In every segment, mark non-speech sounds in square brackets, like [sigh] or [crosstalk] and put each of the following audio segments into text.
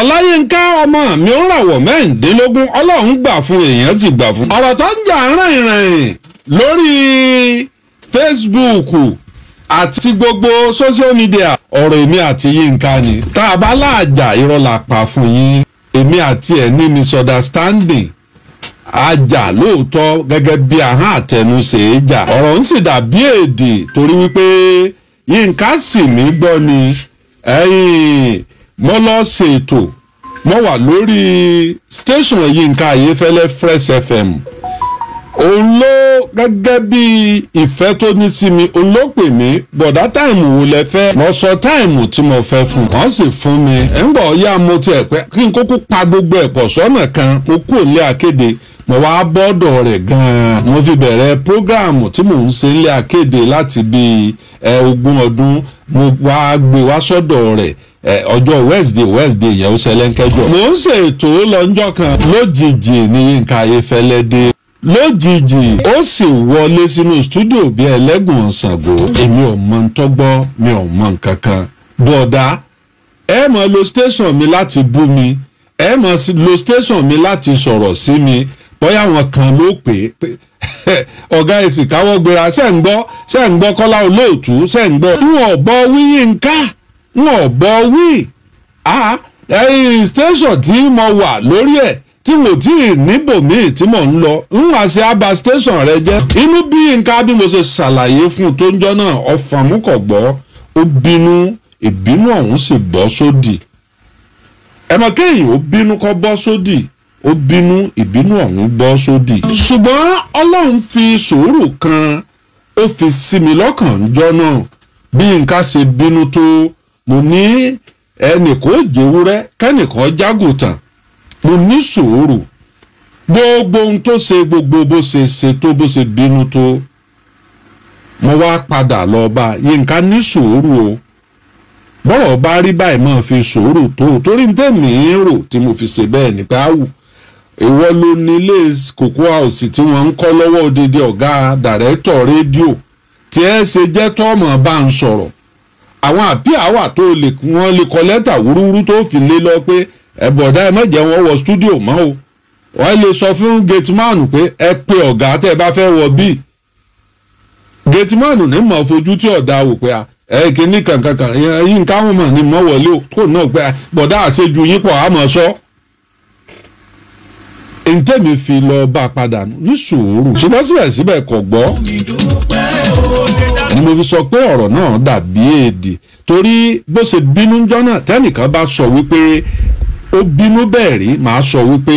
ọláyínká ọmọ mi ó ràwọ̀ mẹ́rìndínlógún ọlọ́run gbà fún èèyàn ti gbà fún. ọ̀rọ̀ tó ń jà rìnrìn lórí Facebook àti gbogbo social media ọ̀rọ̀ èmi àti yínká ni tá a bá láàjà irọ́ la pa fún yín èmi àti ẹ̀ ní misunderstanding àjà lóòótọ́ gẹ́gẹ́ bí ahọ́n àtẹnusẹ̀ é jà ọ̀rọ̀ ń sì dàbí èdè torí wípé yínká sì mí gbọ́ ni ẹ̀yìn. Eh, mo lọ ṣètò mo wà lórí station Yínká Ayéfẹ́lẹ́ Fresh FM òun ló gẹ́gẹ́ bí ìfẹ́ tó ní sí mi òun ló pè mí bọ̀dá táìmù wo lẹ fẹ́ mo sọ táìmù tí mo fẹ́ fún wọ́n sì fún mi ẹ̀ ń bọ̀ ya mo ti ẹ̀ pẹ́ kí n kúkú pa gbogbo ẹ̀ pọ̀ sọ́nà kan mo kú òlé akéde mo wá bọ́dọ̀ rẹ̀ gan-an mo fi bẹ̀rẹ̀ prógráàmù tí mò ń ṣe nílé akéde láti bíi ẹ ogún ọdún mo wá gbé wá sọ́dọ̀ rẹ̀ ọjọ́ wednesday wednesday yẹn ó ṣẹlẹ̀ ń kẹjọ. mo ń ṣe ètò lọ́jọ́ kan lójijì ní Yínká Ayéfẹ́lẹ́ dé lójijì ó sì wọlé sínú stúdíò bí ẹlẹ́gùn ṣàngó èmi ò mọ ntọ́gbọ́ mi ò mọ nǹkan kan bọ̀dá ẹ mọ̀ lo station mi láti bú mi ẹ mọ̀ lo station mi láti sọ̀rọ̀ sí mi bóyá wọn kan ló pè é [laughs] ọ̀gá èsì káwọ́ gbéra ṣẹ́ ń gbọ́ ṣẹ́ ń gbọ́ kọ́lá olóòtú ṣẹ́ ń gbọ́ fún ọ̀bọ Yínká. wọn ò bọ wí station tí mo wà lórí ẹ̀ tí mo tí ì níbòmíì tí mò ń lọ ń wá sí abba station rẹ jẹ́ inú bí nǹkan bí mo ṣe ṣàlàyé fún un tó ń jọ náà ọfàn mú kọ̀ gbọ́ ó bínú ìbínú ọ̀hún sì bọ́ sódì ẹ̀mọ̀ kéèyàn ó bínú kọ́ bọ́ sódì ó bínú ìbínú ọ̀hún bọ́ sódì. ṣùgbọ́n ọlọ́run fi sùúrù kan ó fi sí mi lọ́kàn jọ náà bí nǹkan ṣe bínú tó mo ní ẹnìkan ó jòwúrẹ́ kẹ́nìkan mo ní sùúrù gbogbo ohun tó ṣe gbogbo bó ṣe ṣe tó bó ṣe bínú tó mo wá padà lọ bá yínká ní o bọ́rọ̀ bá rí báyìí máa fi sùúrù tó torí ní ń rò tí mo fi ṣe bẹ́ẹ̀ ni pé áwù ìwọ ló ní ilé tí wọ́n ń kọ́ lọ́wọ́ odidi ọ̀gá dàrẹ́tọ̀ rédíò tí ẹ ṣe jẹ́ bá ń àwọn àpí àwà tó lè wọ́n lè kọ lẹ́tà wúrúwúrú tó fi lé lọ pé ẹ̀bọ̀dá ẹ má jẹ́ wọn wọ stúdíò mọ́ o wọ́n lè sọ fún gateman pé ẹ pe ọ̀gá tẹ́ ẹ bá fẹ́ wọ bíi gateman ní mọ̀ fojú tí ọ̀dà wò pé ẹ kíní kankankan yín káwọn mọ̀ ní mọ̀ wọlé o tó náà pé bọ̀dá àṣejù yín pọ̀ àmọ́ sọ. ntẹ́mi fi lọ bá a padà ní sùúrù ṣùgbọ́n síbẹ̀síbẹ̀ kò gbọ́. omi dúró pẹ́ ni mo fi sọ pé ọ̀rọ̀ náà dàbí èdè torí bó ṣe bínú jọ́nà tẹ́nìkan bá sọ wípé ó bínú bẹ́ẹ̀ rí màá sọ wípé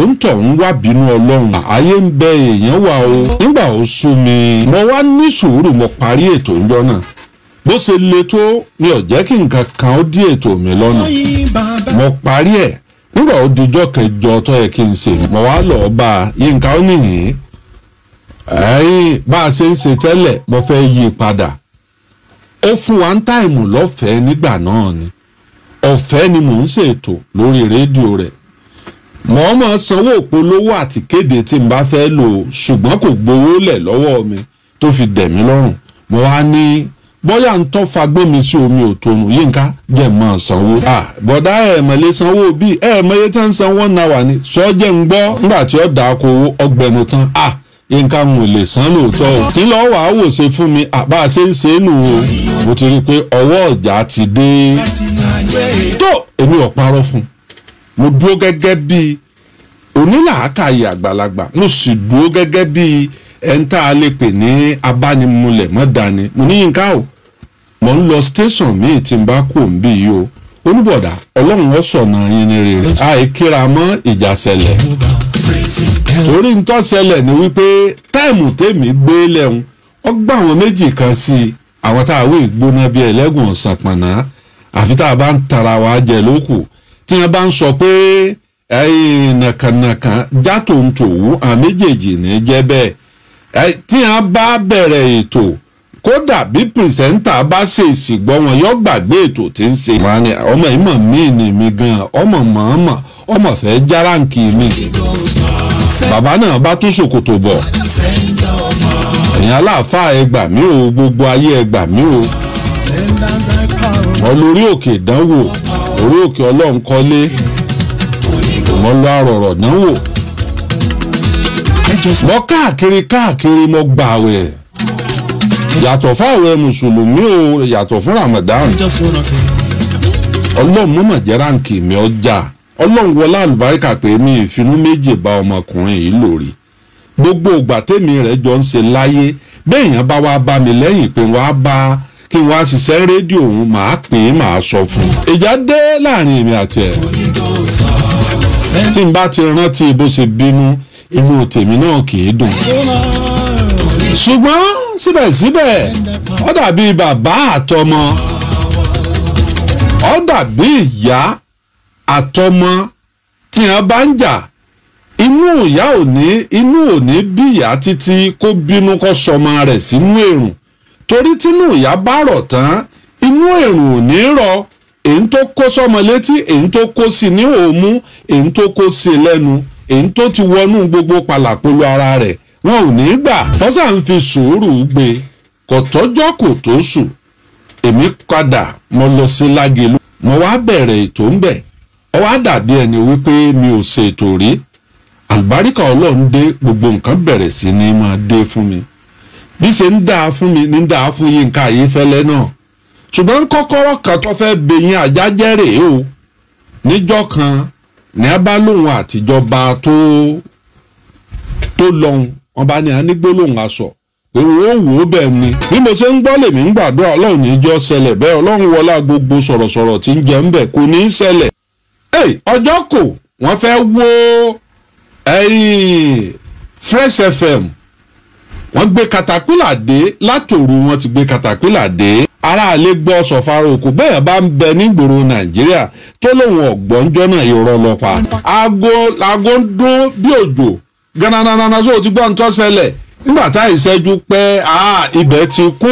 ó ń tọ̀ ń wá bínú ọlọ́run ayé ń bẹ èèyàn wà o nígbà ó sú mi mo wá ní sùúrù mo parí ètò ìjọ náà bó ṣe le tó mi ò jẹ́ kí nǹkan kan ó dí ètò mi lọ́nà mo parí ẹ̀ nígbà ó dijọ́ kẹjọ tó yẹ kí n ṣe mo wá lọ́ọ́ bá yínká ó nìyí eyin bá a ṣe ń mo fẹ́ yí padà ó fún wa ń táìmù lọ́fẹ̀ẹ́ nígbà náà ni ọ̀fẹ́ ni mò ń ṣètò lórí rédíò rẹ̀ mọ̀ọ́mọ̀ sanwó òpolówó àti kéde tí n bá fẹ́ lò ṣùgbọ́n kò gbowó lẹ̀ lọ́wọ́ mi tó fi dẹ̀ mí lọ́rùn mo wá ní bóyá ń tọ́ fagbọ́n mi sí omi òtònù yínká jẹ́ mọ́ sanwó. bọ̀dá ẹ̀ẹ̀mọ̀lẹ́ sanwó bíi ẹ̀ẹ̀mọ̀lẹ́ tán san one hour ni sọ́jẹ́ ń gbọ́ nǹkan mo lè san lóòótọ́ o kí lọ́ọ́ wàá wò ṣe fún mi àbá ṣe ń ṣe é nù o mo ti rí i pé ọwọ́ ọ̀jà ti dé tó èmi ò parọ́ fún mo dúró gẹ́gẹ́ bíi onílàákàyè àgbàlagbà mo sì dúró gẹ́gẹ́ bíi ẹni tá a lè pè ní abánimúlẹ̀ mọ́dání mo ní yín ká o mo ń lọ station míì tí n bá kò ń bí yìí o oníbọ̀dà ọlọ́run ó sọ̀nà irinre àìkíra mọ́ ìjà ṣẹlẹ̀ orí ń tó ni wípé táìmù tèmi gbé lẹ́hùn ó gbà àwọn méjì kan sí i àwọn tá a wé gbóná bíi ẹlẹ́gùn ọ̀sán pọ̀nà àfi tá a bá ń tara wa jẹ lókù tí wọ́n bá ń sọ pé nàkànàkàn já àwọn méjèèjì ní jẹ́ bẹ́ẹ̀ tí wọ́n bá bẹ̀rẹ̀ ètò kódà bí pìrìsẹ́ńtà bá ṣe ìsìgbọ́ wọn yóò gbàgbé ètò tí ń ṣe. wà á ọmọ ìmọ̀ mi ni mi gan ọmọ mọ̀ọ́mọ̀ ọmọ fẹ́ járáǹkì mi. bàbá náà bá tún ṣòkòtò bọ̀. ẹ̀yin aláàfáà ẹ mi mí o gbogbo ayé ẹ gbà mí o. olórí òkè dánwò orí òkè ọlọ́run kọ́lé mo lọ àrọ̀rọ̀ dánwò. mo káàkiri káàkiri mo gbààwẹ̀ yàtọ̀ fáwọn mùsùlùmí o yàtọ̀ fún Ramadan ọlọ́run mọ̀mọ̀ jẹ́ ráǹkì mi ọjà ọlọ́run wọlé àlùbáríkà pé mi ìfinú méjì bá ọmọkùnrin yìí lórí gbogbo ìgbà tèmi rẹ̀ jọ ń ṣe láyé béèyàn bá wá bá mi lẹ́yìn pé wọ́n á bá kí wọ́n á ṣiṣẹ́ rédíò òun màá pè é màá sọ fún un ìjà dé láàrin èmi àti ẹ̀ tí n bá ti rántí bó ṣe bínú inú tèmi náà kì í dùn ṣùgbọ́n síbẹ̀síbẹ̀ ó dàbí bàbá àtọmọ ó dàbí ìyá àtọmọ tí wọ́n bá ń jà inú ìyá ò ní inú ò ní bí ìyá títí kó bínú kó sọmọ rẹ̀ sínú èrùn torí tínú ìyá bá rọ̀ tán inú èrùn ò ní rọ̀ èyí tó kó sọmọ létí èyí tó kó sí ní òmú èyí tó kó sí lẹ́nu èyí tó ti wọnú gbogbo pàlàpolo ara rẹ̀ wọn ò ní í gbà wọ́n sà ń fi sùúrù gbé kò tọ́jọ́ kò tó sùn èmi padà mo lọ sí lágelu mo wá bẹ̀rẹ̀ ètò ń bẹ̀ ọ wá dàbí ẹni wípé mi ò ṣe ètò rí àlùbáríkà ọlọ́run dé gbogbo nǹkan bẹ̀rẹ̀ sí ni máa dé fún mi bí ṣe ń dà á fún mi ní á fún yín Yínká Ayéfẹ́lẹ́ náà ṣùgbọ́n kọ́kọ́rọ́ kan tó fẹ́ bẹ̀yìn àjájẹ́ rèé o níjọ́ kan ní abálòhun àtijọba tó tó lọ́hùn wọ́n bá ní anígbólóhùn aṣọ èrò ó wò ó bẹ́ẹ̀ ni bí mo ṣe ń gbọ́ lèmi ń gbàdúrà ọlọ́run níjọ́ ṣẹlẹ̀ bẹ́ẹ̀ ọlọ́run wọlá gbogbo sọ̀rọ̀sọ̀rọ̀ tí ń jẹ ń bẹ̀ kò ní í ṣẹlẹ̀ ọjọ́ kò wọ́n fẹ́ wo Fresh FM wọ́n gbé katapila dé látòru wọ́n ti gbé katapila dé aráàlé gbọ́ sọ̀fàrà òkú bẹ́ẹ̀ bá ń bẹ nígboro Nàìjíríà tó lóun ọ̀gbọ́njọ́ náà irọ́ lọ́pa aago aago ń dún bí òjò gánanà tó ti gbọ́ ń tọ́sẹ̀lẹ̀ nígbà tá ìṣẹ́jú pẹ́ ibẹ̀ ti kú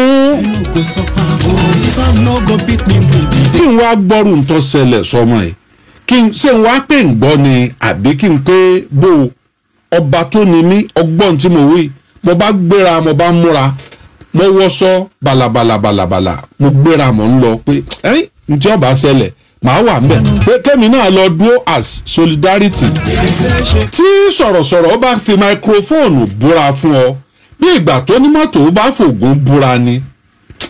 kí n wá gbọ́rù ń tọ́sẹ̀lẹ̀ sọmọ ẹ̀ kí n ṣe ń wá pè ń gbọ́ ni àbí kí n pé bó ọba tó ni mí ọgbọ́n tí mo wí mo bá gbéra mo bá múra mo wọṣọ balabala mo gbéra mo ń lọ pé ẹ́ ǹjẹ́ ọba ṣẹlẹ̀ màá wà mbẹ mm. pé kémi náà lọ dúró as solidarity tí sọ̀rọ̀sọ̀rọ̀ bá fi máikrófóònù búra fún ọ bí ìgbà tó ní mọ́tò bá fògùn búra ni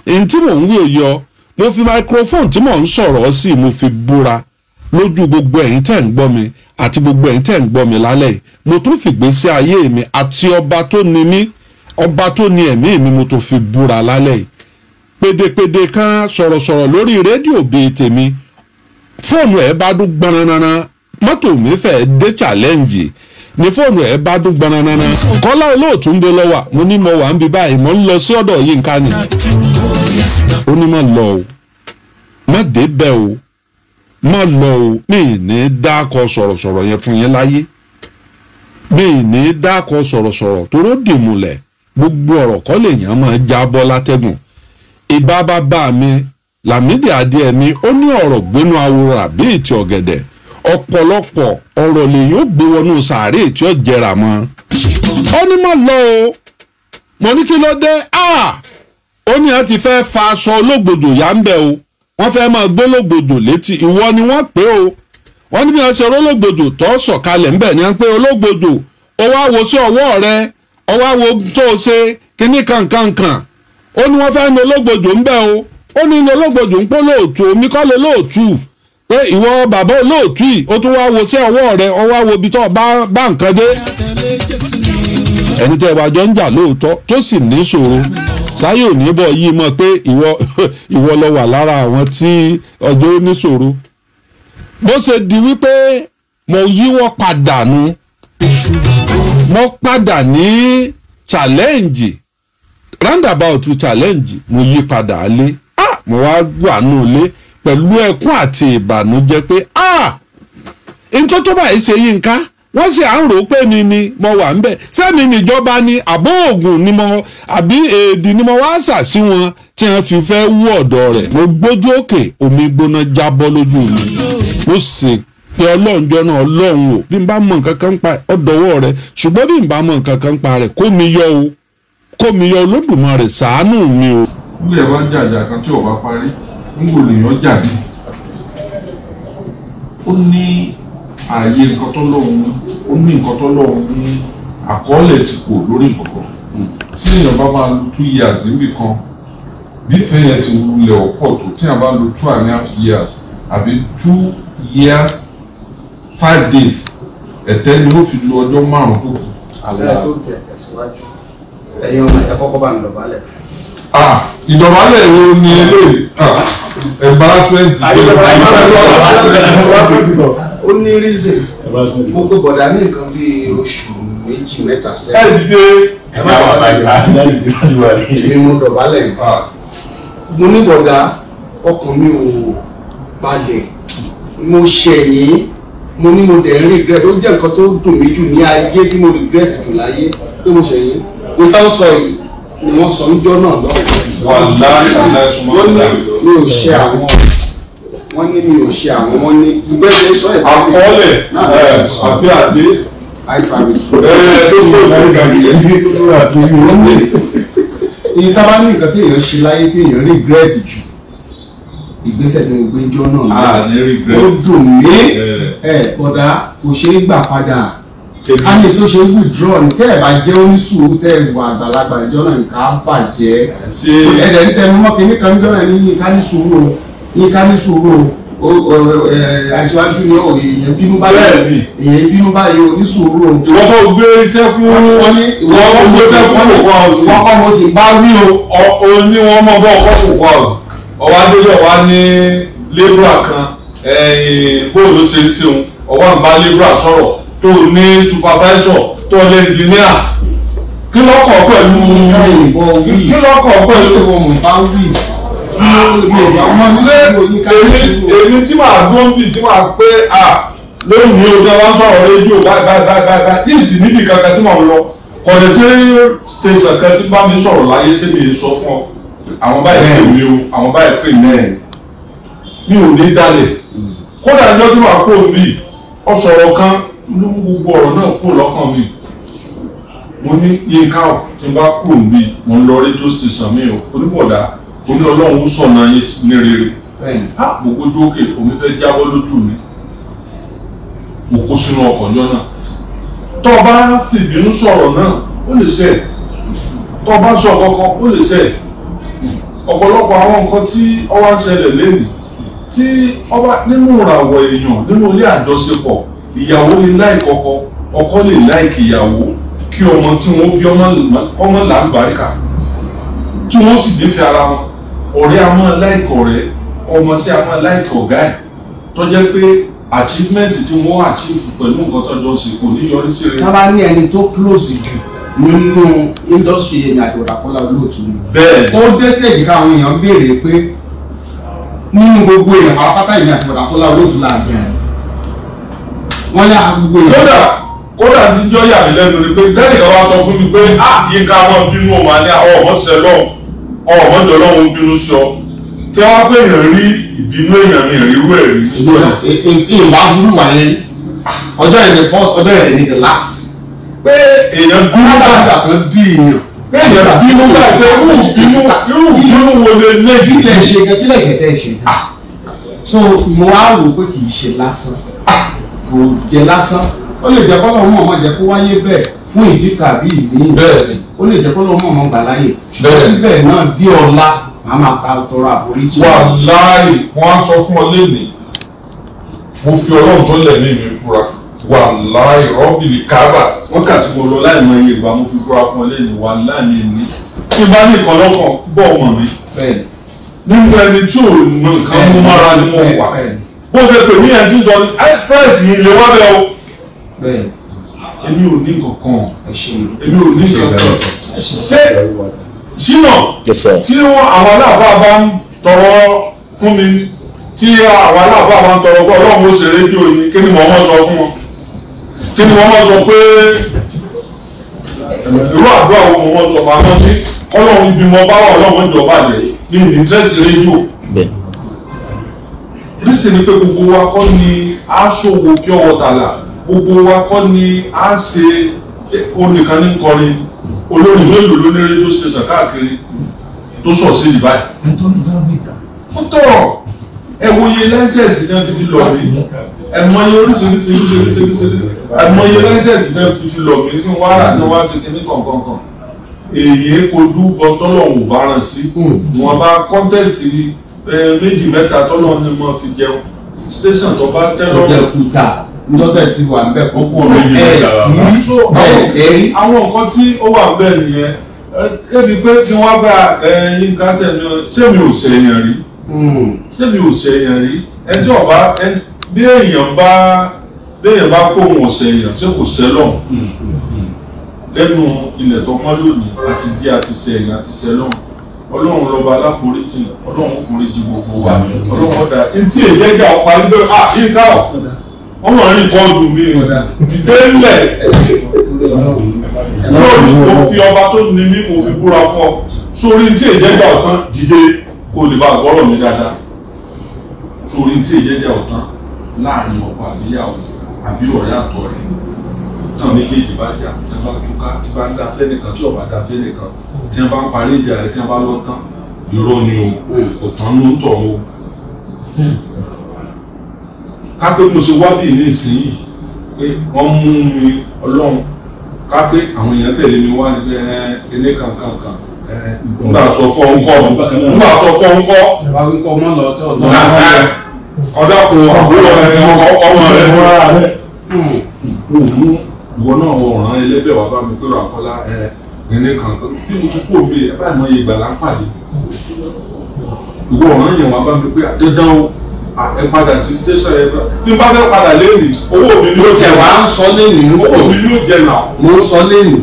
n tí mò ń wí yọ mo fi máikrófóònù tí mò ń sọ̀rọ̀ sí mo fi búra lójú gbogbo ẹ̀yin tẹ̀ ń gbọ́ mi àti gbogbo ẹ̀yin tẹ̀ ń gbọ́ mi lálẹ́ yìí mo tún fìgbésí ayé mi àti ọba tó ni mí ọba tó ni ẹ̀mí mi mo tún fi búra lálẹ́ yìí pédépédé kan sọ̀rọ̀sọ̀rọ̀ lórí rédíò bíi tèmi fóònù ẹ bá dún gbọnranran mọ́tò mi fẹ́ dé challenge ní fóònù ẹ bá dún gbọnranran kọ́lá olóòtú ń bẹ lọ́wọ́ mo ní mo wà ń bi báyìí mo ń lọ sí ọ̀dọ̀ Yínká ni ó ní má lọ o má dé bẹ́ẹ̀ o má lọ o mi ní dákọ̀ sọ̀rọ̀sọ̀rọ̀ yẹn fún yẹn láyé mi ní dákọ̀ sọ̀rọ̀sọ̀rọ̀ toró dìmúlẹ̀ gbogbo ọ̀rọ̀ kọ́ lèèyàn máa jábọ́ látẹ́gùn ìbá bá bá mi Lámídì Adéyẹmí ó ní ọ̀rọ̀ gbénú aworo àbí ìtì ọ̀gẹ̀dẹ̀ ọ̀pọ̀lọpọ̀ ọ̀rọ̀ lèyìn ó gbé wọnú sàárè tí ó jẹrà mọ́. ó ní mọ̀ lọ o mo ní kí ló dé ó ní a ti fẹ́ fa aṣọ olóògbòdò yá o wọ́n fẹ́ máa létí ìwọ ni wọ́n pè o wọ́n ní bí wọ́n ṣe tó pé olóògbòdò ó wá wo sí ọwọ́ rẹ wo ó ní ilé olóògbòdù ń pọ́ lóòtú omi kọ́ ló lóòtú pé ìwọ bàbá olóòtú yìí ó tún wáá wo sí ọwọ́ rẹ ó wáá wo ibi tó bá nǹkan dé ẹni tẹ́ wàá jọ ń jà lóòótọ́ tó sì ní ṣòro sáyé ò ní bọ̀ yìí mọ̀ pé [laughs] ìwọ lọ wà lára àwọn tí ọjọ́ ó ní bó ṣe di wípé mo yíwọ́ padà nu mo padà ní challenge roundabout challenge mo yí padà lé. mo wá wà nù ilé pẹ̀lú ẹkún àti ìbànújẹ́ pé ah ntọ́ tó báyìí ṣe Yínká wọ́n sì à ń rò ó pé mi ni mo wà ń bẹ̀ sẹ́mi níjọba ni àbó oògùn ni mo àbí èdè ni mo wá sà sí wọn tí wọ́n fi fẹ́ wú ọ̀dọ̀ rẹ̀ mo gbójú òkè omi gbóná jábọ́ lójú mi mo sì pé ọlọ́run jọ́nà ọlọ́run o bí n bá mọ nǹkan kan pa ọ̀dọ̀wọ́ rẹ ṣùgbọ́n bí n bá mọ nǹkan kan pa rẹ̀ kó mi yọ o kó mi yọ Olódùmarè ṣàánú mi o. nílẹ̀ wá ń jàjà kan tí ọba parí ń wò lèèyàn jàdí ó ní ààyè nǹkan tó lọ́hùn ó ní nǹkan tó lọ́hùn ní àkọọ́lẹ̀ tí kò lórí nǹkan tí èèyàn bá máa lo two years níbì kan bífẹ́ yẹn ti wulẹ̀ ọ̀pọ̀ tó tí èèyàn bá lo two and a half years àbí two years five days ẹ̀tẹ́ ni ó fi lo ọjọ́ márùn-ún tó kù. àlẹ́ àtúntì ẹ̀tẹ̀ síwájú ẹ̀yin ọmọ ẹ̀kọ́kọ́ bá ń lọ bálẹ̀ ah, ìdọ̀bálẹ̀ wo ni eléyìí ah, embarrassment ó ní reason gbogbo bọ̀dà ní nǹkan bíi oṣù méjì mẹ́ta sẹ́yìn. ẹ dìde ẹ má wà báyìí èmi mo dọ̀bálẹ̀ ah. mo ní bọ̀dà ọkàn mi ò balẹ̀ mo ṣẹ̀yìn mo ní mo dẹ̀ ń regret ó jẹ́ nǹkan tó dùn mí jù ní ayé tí mo regret jù láyé pé mo ṣẹ̀yìn nǹkan sọ yìí ni wọ́n sọ níjọ́ náà lọ́wọ́. wàhálà ìlànà ìtumọ̀ ìlànà. wọ́n ní mi ò ṣe àwọn wọ́n ní mi ò ṣe àwọn wọ́n ní ìgbésẹ̀ sọ ẹ̀sán. àkọọ́lẹ̀ àbí àdé. high service. ẹ̀ẹ́dẹ́gbẹ̀rún tó ń bọ̀ nígbà yìí iye tá a bá ní nǹkan tí èèyàn ṣe láyé tí èèyàn regret jù ìgbésẹ̀ tí mo gbé jọ náà ló ah, dùn mí ọ̀dà kò ṣeé gbà padà ká lè tó ṣe withdraw ní tẹ́ ẹ̀ bá jẹ́ oníṣòwò tẹ́ ẹ̀ wà àgbàlagbà ìjọ náà nǹkan á bàjẹ́ ẹ̀dẹ̀ ń tẹnu mọ́ kínní kan jọ́nà ní yín ká ní sùúrù yín ká ní sùúrù aṣíwájú ni ó èèyàn bínú báyìí èèyàn bínú báyìí oníṣòwò. ìwọ́n kò gbé iṣẹ́ fún wọn ní ìwọ́n kò gbé iṣẹ́ fún òkú àwòsí. wọ́n kọ́ mo sì bá wí o. o ní wọ́n mọ bọ́ ọkọ̀ òkú o ọwọ́ adébẹ̀ wa ní lébúrà kan bóòlù ṣe ń ṣeun ọwọ́ àǹbá lébúrà sọ̀rọ̀ tó ní supervisor tó ní engineer kí lọ́kọ̀ pẹ̀lú kí lọ́kọ̀ pẹ̀lú ṣé èmi tí màá gbóǹbì tí màá pé à lóyún yìí ojú ọlọ́sọ rédíò báyìí báyìí báyìí tí ì sì níbi kankan tí mò ń lọ kọ̀dẹ̀ tí tẹ̀sán kan tí bá mi sọ̀rọ̀ láyé ṣé mi sọ fún ọ àwọn báyìí pè mí o àwọn báyìí pè mí ẹ̀ mi ò ní dalẹ̀ hmm. kódà ní ọdún àpò mi ọ̀sọ̀rọ̀ kan ló mú gbogbo ọ̀rọ̀ náà kúrò lọ́kàn mi mo ní yínká ọ̀ tí n bá kúrò níbi mo ń lọ rédíò sísan mi ò oníbọ̀dá onílọ́lọ́run sọ̀nà yín ní rere mo gbójú òkè omi fẹ́ jábọ́ lójú mi mo kó sínú ọkọ̀ yọ náà tó bá fìbínú sọ̀rọ̀ náà ó lè sẹ́ẹ̀ tó bá sọ kankan ó lè sẹ́ẹ̀ ọ̀pọ̀lọpọ̀ àwọn nǹkan tí ọwá ń ṣẹlẹ̀ lẹ́nu tí ọba nínú ìràwọ̀ èèyàn nínú ilé àjọṣepọ̀ ìyàwó lè láìkì ọkọ ọkọ lè láìkì ìyàwó kí ọmọ tí wọ́n bí ọmọ làǹbáríkà tí wọ́n sì nífẹ̀ẹ́ ara wọn ọ̀rẹ́ a máa láìkì ọ̀rẹ́ ọmọ sí a máa láìkì ọ̀gá ẹ̀ tó jẹ́ pé achievement tí wọ́n achieve pẹ̀lú nǹkan tó jọ sí kò ní yọrí sí rẹ̀. tábà ní ẹni tó close jù nínú industry èmi àti ọ̀dàkọ́lá olóòtú ni. bẹ́ẹ̀ ó dé stage káwọn èèyàn béèrè pé nínú gbogbo èèyàn pàápàá èmi àti ọ̀dàkọ́lá olóòtú là wọ́n yà á gbogbo yẹn. kódà kódà tí jọ yà mí lẹ́nu ni pé tẹ́lẹ̀ kan sọ fún mi pé ah, a yín ká mọ́ bínú òun àní àwọn ọmọ sẹlọ ọmọ jọlọ òun bínú sí tí wọ́n pè yàn rí ìbínú èèyàn mi rí irú ẹ̀ rí. ìwà burú wà yẹn ọjọ́ yẹn ni first ọjọ́ yẹn ni the last. pé èèyàn bínú bàtà kan dí èèyàn pé èèyàn bínú bàtà irú irú wo lè lé. kí lè ṣe kí lè ṣe tẹ́ ṣe. Ah. so mo wá rò pé kì í ṣe lásán kò jẹ lásán ó lè jẹ́ kọ́lọ́ mọ̀ mọ̀ jẹ́ kó wáyé bẹ́ẹ̀ fún ìdí kàbí mi ó lè jẹ́ kọ́lọ́ mọ̀ mọ̀ gbà láyè ṣùgbọ́n síbẹ̀ náà dí ọ̀la màá máa ta tọrọ àforíjì. wà láàyè wọn á sọ fún ọ lénìí mo fi ọlọ́run tó lẹ̀ ní ìmí búra wà láàyè rọ́bìnrin kábà. wọ́n kà tí mo lọ láì mọ iye ìgbà mo fi búra fún ọ lénìí wà láàyè ní. kí n bá ní ìkan lọ́kàn bọ́ ọmọ mi nínú ẹni tí ò bó ṣe pè mí ẹni tí ń sọ express yìí lè wá bẹ́ẹ̀ o. èmi ò ní kankan èmi ò ní kankan ṣé sínà tí wọn àwọn aláàfáà bá ń tọrọ fún mi tí àwọn aláàfáà bá ń tọrọ pé ọlọ́run ó ṣe rédíò yìí kí ni mo mọ̀ sọ fún wọn kí ni mo mọ̀ sọ pé irú àdúrà wo mo mọ̀ sọ fún àwọn tí ọlọ́run ibi mo bá wà ọlọ́run ìjọba rẹ̀ ní ìdí rédíò sì ni pé gbogbo wa kọ́ ni a ṣòwò kí ọwọ́ tààlà gbogbo wa kọ́ ni a ṣe onìkan ní kọrin olórí mélòó ló ní rédíò station káàkiri tó sọ̀ sí ìbáyìí. ó tọ̀ ẹ wo iye lẹ́sẹ̀sì náà ti fi lọ mí ẹ mọ iye oríṣiríṣi oríṣiríṣi ẹ mọ iye lẹ́sẹ̀sì náà ti fi lọ mí ní wàhálà ní wàá ti kíní kọ̀ọ̀kọ̀ọ̀kan èyí kojú bọ́tọ́lọ̀ wò bá ràn sí mm. wọn bá kọ́ńtẹ́ǹtì méjì mẹ́ta tọ́nà ni mo fi jẹun station tó bá tẹ́ lọ́rùn. ọjọ́ kùtà lọ́tẹ̀ tí wà ń bẹ̀ kókó ọ̀rọ̀ ẹ̀ tí bẹ́ẹ̀ tẹ́rí. àwọn nǹkan tí ó wà bẹ́ẹ̀ nìyẹn ẹbí pé kí wọ́n bá ẹyin kásẹ̀ mi ṣé mi ò ṣèyàn rí ṣé mi ò ṣèyàn rí ẹjọ́ ọba bí èèyàn bá bí èèyàn bá kó wọn ṣèyàn ṣé kò ṣẹ́ lọ́hùn lẹ́nu ilẹ̀ tó mọ́ lónìí àti jẹ́ àti ṣẹ̀yìn àti ṣẹ́ lọ́hùn ọlọ́run lọ́ba aláforíjì ọlọ́run foríjì gbogbo wa ọlọ́run ọ̀dà etí èyẹ́gà ọ̀pá níbẹ̀ à ah, yíká ọ̀ wọ́n mọ̀ ní bọ́ọ̀lù mi dìde ńlẹ̀ sórí mo fi ọba tó ní mí mo fi búra fún ọ sórí etí èyẹ́gà ọ̀tán dìde kó lè bá gbọ́rọ̀ mi dáadáa sórí etí èyẹ́gà ọ̀tán láàrin ọ̀pá àbíyàwó àbí ọ̀rẹ́ àtọ̀ rẹ̀ náà méjèèjì bá jà tí bá túká tí bá ń dá fẹ́nìkan tí tí wọ́n bá ń parí ìjà rẹ̀ tí wọ́n bá lọ tán irọ́ ni o hmm. kò tán ló ń tọ̀ o. Hmm. kápẹ́ mo ṣe wádìí ní ìsinyìí pé wọ́n mú mi ọlọ́run kápẹ́ àwọn èèyàn tẹ̀lé mi wá ní ẹ ilé kankan kan nígbà tó fọ́ ń kọ́ nígbà tó fọ́ ń kọ́. ìjọba ọmọ lọ tẹ ọ̀tọ̀ ọ̀dọ́kùn àbúrò ẹ̀ ọmọ rẹ̀ wọ́n rà rẹ̀. ìwọ náà wọ̀ ọ̀ràn ẹlẹ́bẹ̀ wà bá mi pé ràkọ́lá ẹ̀ ẹni kan bí mo ti kú omi ẹ báyìí mọ iye ìgbàlá ń pàdé ìwọ ọ̀ràn yẹn wà bá mi pé dandan o ẹ padà sí station ẹ bí n bá fẹ́ padà lẹ́yìn owó mi ni ó jẹ wà á ń sọ lẹ́yìn ń sọ owó mi ni ó jẹ nà. mo ń sọ lẹ́yìn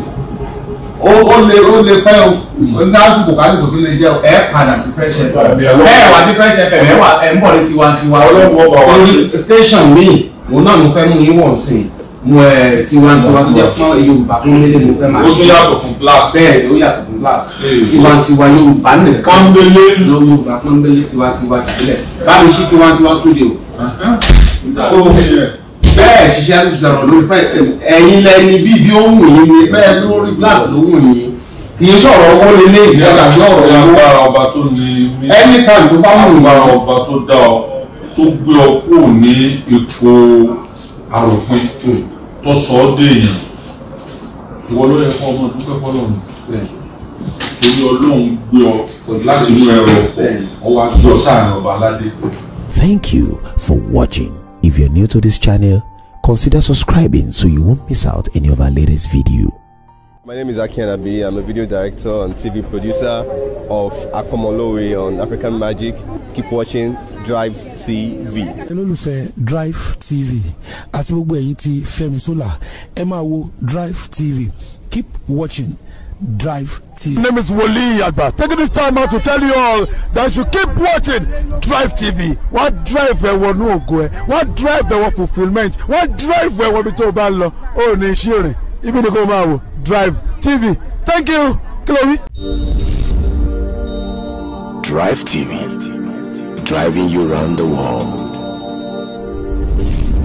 o o lè ó lè pẹ́ o lásìkò káàdì tó fi lè jẹ́ o ẹ padà sí fresh fm ẹ wà ní fresh fm ẹ wà ẹ ń bọ̀ ní tiwantiwa o ọba wa ní station mi òun náà mo fẹ́ mú yín wọ̀n sí i mo ẹ eh, tí wá ń tiwa tó jẹ pọn yorùbá tó lélẹ mo fẹ́ máa ṣe. ó tún yàtọ̀ fún blast. bẹ́ẹ̀ ó yàtọ̀ fún blast. tiwantiwa yorùbá nìkan. pọ́nbélé. lọ yorùbá pọ́nbélé tiwantiwa tìbílẹ̀. báwo ṣí tiwantiwa studio. so bẹ́ẹ̀ ṣiṣẹ́ sọ̀rọ̀ lórí fẹ́ ẹ̀yin lẹni bí bí ó wù yín ni bẹ́ẹ̀ lórí blast ló wù yín kì í sọ̀rọ̀ owó lélẹ̀ ìjọba àti ọ̀rọ̀ owó. ọba tó ní. anytime tó bá wù yín. ọba tó dá ọ tó gbé ọ kúrò ní ipò tó sọ ọ́ déèyàn ìwọ ló yẹ kó ọmọ dúpẹ́ fọlọ́run torí ọlọ́run gbé ọ láti inú ẹrọ ọ̀fọ̀ ọ wá gbé ọ sáàrin ọba aládé. Thank you for watching. If you're new to this channel, consider subscribing so you won't miss out any of our latest video. My name is Aki Anabi. I'm a video director and TV producer of Akomolowe on African Magic. Keep watching drive tv. olólùfẹ́ drive tv àti gbogbo ẹ̀yin ti Fẹ́mi Sola ẹ máa wo drive tv keep watching Drive TV. My name is Wole Agba. Taking this time out to tell you all that you keep watching Drive TV. Wọ́n drive ẹ̀wọ̀ ní ògo ẹ̀, wọ́n drive ẹ̀wọ̀ fulfilment, wọ́n drive ẹ̀wọ̀ bí tó o bá lọ, ó ní iṣẹ́ òrìn, ibi ni kò máa wò Drive TV. Thank you, Chloe. Drive TV. driving you around the world.